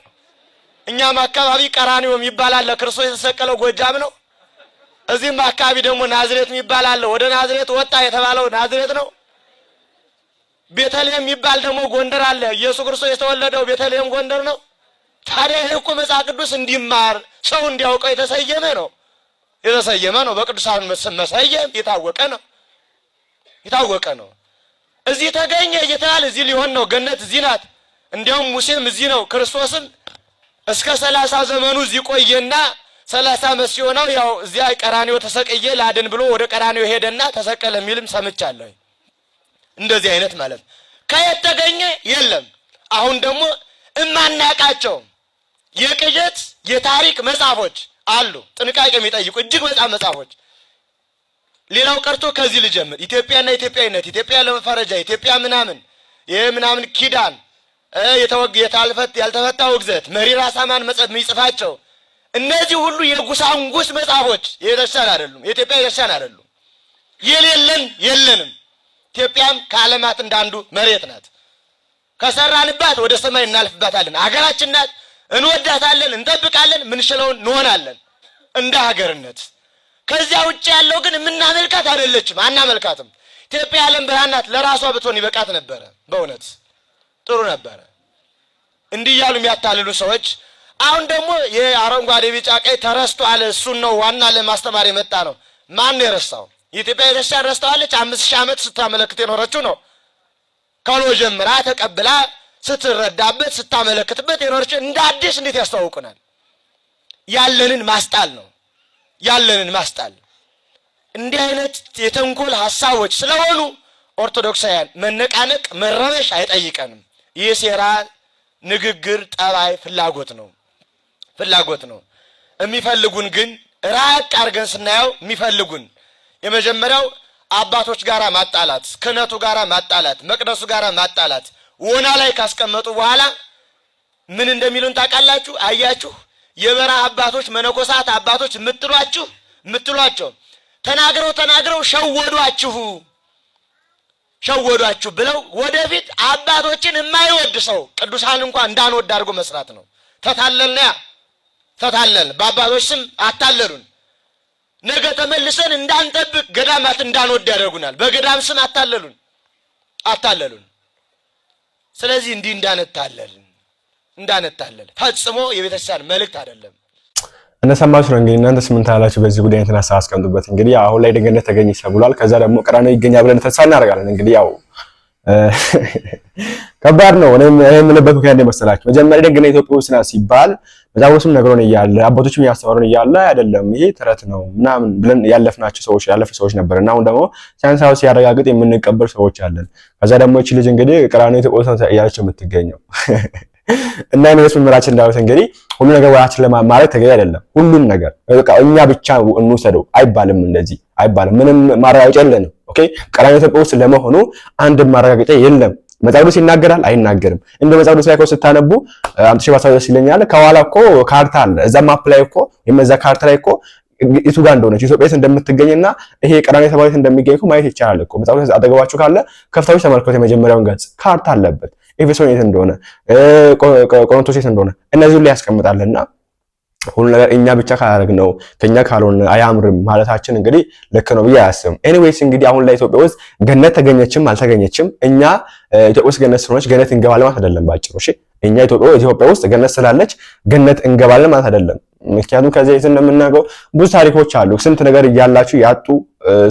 እኛም አካባቢ ቀራኒዮም ይባላል። ለክርስቶስ የተሰቀለው ጎጃም ነው። እዚህም አካባቢ ደግሞ ናዝሬት የሚባል አለ። ወደ ናዝሬት ወጣ የተባለው ናዝሬት ነው። ቤተልሔም የሚባል ደግሞ ጎንደር አለ። ኢየሱስ ክርስቶስ የተወለደው ቤተልሔም ጎንደር ነው። ታዲያ ይህ እኮ መጽሐፍ ቅዱስ እንዲማር ሰው እንዲያውቀው የተሰየመ ነው የተሰየመ ነው። በቅዱሳን መሰየም የታወቀ ነው የታወቀ ነው። እዚህ ተገኘ እየተባለ እዚህ ሊሆን ነው። ገነት እዚህ ናት። እንዲያውም ሙሴም እዚህ ነው። ክርስቶስም እስከ ሰላሳ ዘመኑ እዚህ ቆየና ሰላሳ ዓመት ሲሆነው ያው እዚያ ቀራኒዮ ተሰቅዬ ላድን ብሎ ወደ ቀራኒዮ ሄደና ተሰቀለ የሚልም ሰምቻለሁ። እንደዚህ አይነት ማለት ከየት ተገኘ የለም። አሁን ደግሞ እማናቃቸው የቅዠት የታሪክ መጽሐፎች አሉ፣ ጥንቃቄ የሚጠይቁ እጅግ በጣም መጽሐፎች። ሌላው ቀርቶ ከዚህ ልጀምር፣ ኢትዮጵያና ኢትዮጵያዊነት፣ ኢትዮጵያ ለመፈረጃ፣ ኢትዮጵያ ምናምን ይህ ምናምን ኪዳን የተወግ የታልፈት ያልተፈታ ውግዘት መሪራ ሳማን መጽሐፍ የሚጽፋቸው እነዚህ ሁሉ የጉሳንጉስ መጽሐፎች የቤተክርስቲያን አይደሉም። የኢትዮጵያ ቤተክርስቲያን አይደሉም። የሌለን የለንም። ኢትዮጵያም ከዓለማት እንዳንዱ መሬት ናት። ከሰራንባት ወደ ሰማይ እናልፍባታለን። አገራችን ናት። እንወዳታለን፣ እንጠብቃለን፣ ምንችለውን እንሆናለን እንደ ሀገርነት። ከዚያ ውጭ ያለው ግን የምናመልካት አይደለችም፣ አናመልካትም። ኢትዮጵያ የዓለም ብርሃን ናት። ለራሷ ብትሆን ይበቃት ነበረ። በእውነት ጥሩ ነበረ። እንዲህ እያሉ የሚያታልሉ ሰዎች አሁን ደግሞ የአረንጓዴ ቢጫ ቀይ ተረስቷል። እሱን ነው ዋና ለማስተማር የመጣ ነው። ማን የረሳው? የኢትዮጵያ ቤተክርስቲያን ረስተዋለች። አምስት ሺህ ዓመት ስታመለክት የኖረችው ነው ከሎ ጀምራ ተቀብላ ስትረዳበት ስታመለክትበት የኖረች እንደ አዲስ እንዴት ያስተዋውቁናል? ያለንን ማስጣል ነው ያለንን ማስጣል። እንዲህ አይነት የተንኮል ሀሳቦች ስለሆኑ ኦርቶዶክሳውያን መነቃነቅ መረበሽ አይጠይቀንም። ይህ ሴራ፣ ንግግር፣ ጠባይ፣ ፍላጎት ነው። ፍላጎት ነው። የሚፈልጉን ግን ራቅ አድርገን ስናየው የሚፈልጉን የመጀመሪያው አባቶች ጋር ማጣላት፣ ክህነቱ ጋር ማጣላት፣ መቅደሱ ጋር ማጣላት። ወና ላይ ካስቀመጡ በኋላ ምን እንደሚሉን ታውቃላችሁ? አያችሁ፣ የበረሃ አባቶች መነኮሳት አባቶች የምትሏችሁ የምትሏቸው ተናግረው ተናግረው ሸወዷችሁ ሸወዷችሁ ብለው ወደፊት አባቶችን የማይወድ ሰው ቅዱሳን እንኳን እንዳንወድ አድርጎ መስራት ነው። ተታለልና ተታለል በአባቶች ስም አታለሉን። ነገ ተመልሰን እንዳንጠብቅ ገዳማት እንዳንወድ ያደርጉናል። በገዳም ስም አታለሉን አታለሉን። ስለዚህ እንዲህ እንዳነታለል እንዳነታለል ፈጽሞ የቤተክርስቲያን መልእክት አይደለም። እንደሰማችሁ ነው እንግዲህ። እናንተ ስምንት ታላችሁ? በዚህ ጉዳይ እንትን ሀሳብ አስቀምጡበት። እንግዲህ አሁን ላይ ደገነት ተገኝ ተብሏል። ከዛ ደግሞ ቀራንዮ ይገኛል ብለን ተስፋ እናደርጋለን። እንግዲህ ያው ከባድ ነው። እኔም የምልበት ምክንያት መሰላችሁ መጀመሪያ ደግነ ኢትዮጵያ ውስጥ ናት ሲባል መዛሙርቱም ነግሮን እያለ አባቶችም እያስተማሩን እያለ አይደለም ይሄ ተረት ነው ምናምን ብለን ያለፍናቸው ሰዎች ያለፈ ሰዎች ነበር እና አሁን ደግሞ ሳይንሳዊ ሲያረጋግጥ የምንቀበል ሰዎች አለን። ከዛ ደግሞ እቺ ልጅ እንግዲህ ቀራንዮ ተቆልታ እያለች የምትገኘው እና የመለስ መምህራችን እንዳሉት እንግዲህ ሁሉ ነገር ወራችን ለማማረግ ተገቢ አይደለም። ሁሉም ነገር በቃ እኛ ብቻ እንውሰደው አይባልም፣ እንደዚህ አይባልም። ምንም ማረጋገጫ የለንም። ኦኬ ቀራንዮ ተቆልታ ለመሆኑ አንድ ማረጋገጫ የለም። መጽሐፍ ቅዱስ ይናገራል አይናገርም? እንደ መጽሐፍ ቅዱስ ላይ እኮ ስታነቡ አምጥቼ ባሳየው ይለኛል። ከኋላ እኮ ካርታ አለ። እዛ ማፕ ላይ እኮ ወይም እዛ ካርታ ላይ እኮ ኢቱ ጋር እንደሆነች ኢትዮጵያስ እንደምትገኝና ይሄ ቀራኔ ተባይት እንደሚገኝ ማየት ይቻላል እኮ መጽሐፍ ቅዱስ አጠገባችሁ ካለ ከፍታችሁ ተመልከቱ። የመጀመሪያውን ገጽ ካርታ አለበት። ኤፌሶን የት እንደሆነ፣ ቆሮንቶስ የት እንደሆነ እነዚህ ላይ ያስቀምጣልና ሁሉ ነገር እኛ ብቻ ካላደረግ ነው ከኛ ካልሆነ አያምርም ማለታችን እንግዲህ ልክ ነው ብዬ አያስብም። ኤኒዌይስ እንግዲህ አሁን ላይ ኢትዮጵያ ውስጥ ገነት ተገኘችም አልተገኘችም እኛ ኢትዮጵያ ውስጥ ገነት ስለሆነች ገነት እንገባለን ማለት አይደለም። ባጭሩ እሺ፣ እኛ ኢትዮጵያ ውስጥ ገነት ስላለች ገነት እንገባለን ማለት አይደለም። ምክንያቱም ከዚህ ፊት እንደምናገው ብዙ ታሪኮች አሉ። ስንት ነገር እያላችሁ ያጡ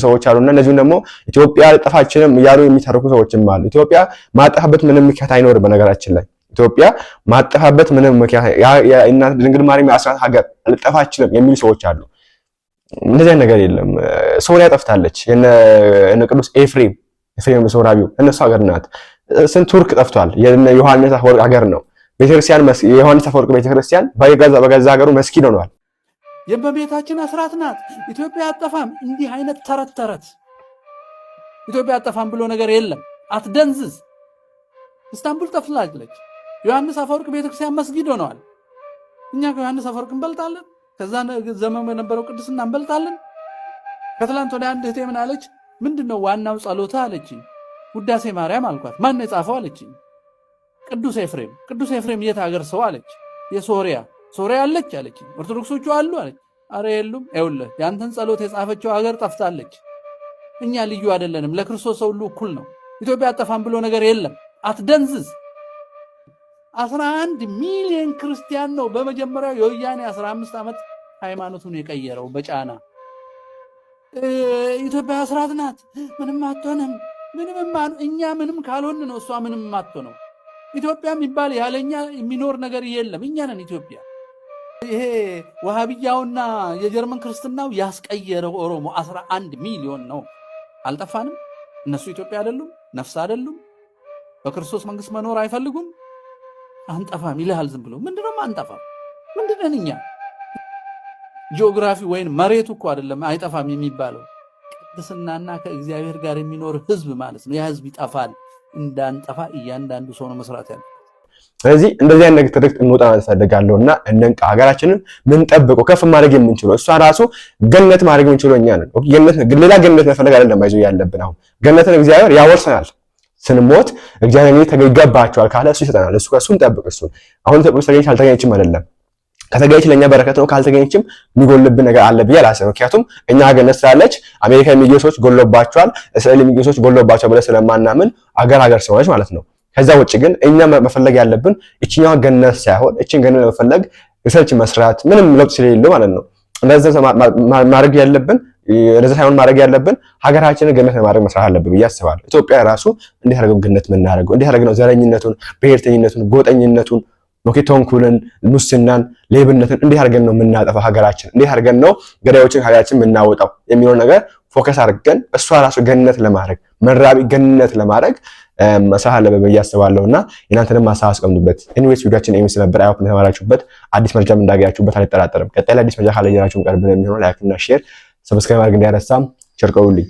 ሰዎች አሉና እነዚሁም ደግሞ ኢትዮጵያ ጠፋችንም እያሉ የሚተርኩ ሰዎችም አሉ። ኢትዮጵያ ማጠፋበት ምንም ምክንያት አይኖርም በነገራችን ላይ ኢትዮጵያ ማጠፋበት ምንም ምክንያት ድንግል ማርያም የአስራት ሀገር ልጠፋ አልጠፋችልም የሚሉ ሰዎች አሉ። እንደዚህ ነገር የለም። ሶሪያ ጠፍታለች። የነ ቅዱስ ኤፍሬም ኤፍሬም ሶራቢው እነሱ ሀገር ናት። ስንት ቱርክ ጠፍቷል። የነ ዮሐንስ አፈወርቅ ሀገር ነው። ቤተክርስቲያን የዮሐንስ አፈወርቅ ቤተክርስቲያን በገዛ ሀገሩ መስጊድ ሆኗል። የእመቤታችን አስራት ናት። ኢትዮጵያ አጠፋም። እንዲህ አይነት ተረት ተረት ኢትዮጵያ አጠፋም ብሎ ነገር የለም። አትደንዝዝ። ኢስታንቡል ጠፍላለች። ዮሐንስ አፈወርቅ ቤተክርስቲያን መስጊድ ሆነዋል። እኛ ከዮሐንስ አፈወርቅ እንበልጣለን? ከዛ ዘመን የነበረው ቅድስና እንበልጣለን? ከትላንት ወደ አንድ እህቴ ምን አለች? ምንድን ነው ዋናው ጸሎታ አለችኝ። ውዳሴ ማርያም አልኳት። ማን የጻፈው አለችኝ። ቅዱስ ኤፍሬም። ቅዱስ ኤፍሬም የት ሀገር ሰው አለች። የሶሪያ ሶሪያ አለች አለች። ኦርቶዶክሶቹ አሉ አለች። አረ የሉም። ይኸውልህ የአንተን ጸሎት የጻፈችው ሀገር ጠፍታለች። እኛ ልዩ አይደለንም። ለክርስቶስ ሰው ሁሉ እኩል ነው። ኢትዮጵያ አጠፋም ብሎ ነገር የለም። አትደንዝዝ። 11 ሚሊዮን ክርስቲያን ነው በመጀመሪያው የወያኔ 15 ዓመት ሃይማኖቱን የቀየረው በጫና ኢትዮጵያ አስራት ናት። ምንም አትሆንም። ምንም እኛ ምንም ካልሆን ነው እሷ ምንም አትሆነው። ኢትዮጵያ የሚባል ያለኛ የሚኖር ነገር የለም። እኛ ነን ኢትዮጵያ። ይሄ ወሃብያውና የጀርመን ክርስትናው ያስቀየረው ኦሮሞ 11 ሚሊዮን ነው። አልጠፋንም። እነሱ ኢትዮጵያ አይደሉም፣ ነፍስ አይደሉም፣ በክርስቶስ መንግስት መኖር አይፈልጉም። አንጠፋም ይልሃል። ዝም ብሎ ምንድነው አንጠፋም? ምንድነን እኛ? ጂኦግራፊ ወይም መሬቱ እኮ አይደለም አይጠፋም የሚባለው ቅድስናና ከእግዚአብሔር ጋር የሚኖር ህዝብ ማለት ነው። ያ ህዝብ ይጠፋል። እንዳንጠፋ እያንዳንዱ ሰው ነው መስራት ያለ ስለዚህ እንደዚህ አይነት ነገር ትርክት እንወጣ ማለት እንፈልጋለሁ እና እንንቃ። ሀገራችንን ምን ጠብቆ ከፍ ማድረግ የምንችለው እሷ ራሱ ገነት ማድረግ የምንችለው እኛ ነን። ሌላ ገነት መፈለግ አይደለም። አይዞ ያለብን አሁን ገነትን እግዚአብሔር ያወርሰናል። ስንሞት እግዚአብሔር እንግዲህ ይገባቸዋል ካለ እሱ ይሰጠናል። እሱ ከእሱ እንጠብቅ። እሱን አሁን ተቆስ ተገኘች አልተገኘችም አይደለም ከተገኘች ለእኛ በረከት ነው። ካልተገኘችም የሚጎልብን ነገር አለ ብዬ አላስብም። ምክንያቱም እኛ ሀገር ስላለች አሜሪካ የሚገኙ ሰዎች ጎሎባቸዋል፣ እስራኤል የሚገኙ ሰዎች ጎሎባቸዋል ብለን ስለማናምን አገር ሀገር ስለሆነች ማለት ነው። ከዛ ውጭ ግን እኛ መፈለግ ያለብን እችኛዋ ገነት ሳይሆን እችን ገነት ለመፈለግ ሪሰርች መስራት ምንም ለውጥ ስለሌለው ማለት ነው እንደዚህ ማድረግ ያለብን እንደዛ ሳይሆን ማድረግ ያለብን ሀገራችንን ገነት ለማድረግ መስራት አለብን ብዬ አስባለሁ። ኢትዮጵያ ራሱ እንዲህ አድርገው ገነት የምናደርገው እንዲህ አድርገው ዘረኝነቱን፣ ብሔርተኝነቱን፣ ጎጠኝነቱን ኦኬ ተንኩልን፣ ሙስናን፣ ሌብነትን እንዲህ አድርገን ነው የምናጠፋው ሀገራችን እንዲህ አድርገን ነው ገዳዮችን ሀገራችን የምናወጣው የሚለው ነገር ፎከስ አድርገን እሷ ራሱ ገነት ለማድረግ መራቢ ገነት ለማድረግ መስራት አለብን ብዬ አስባለሁ እና የእናንተንም ሀሳብ አስቀምጡበት። ኢንዌስ ቪዲዮችን የሚስ ነበር አይሆን የተማራችሁበት አዲስ መረጃም እንዳገኛችሁበት አልጠራጠርም። ቀጣይ ላይ አዲስ መረጃ ካለ ጀራችሁን ቀርብ የሚሆነው ላይክና ሼር ሰብስክራይብ አድርግ እንዳይረሳም ቸርቀውልኝ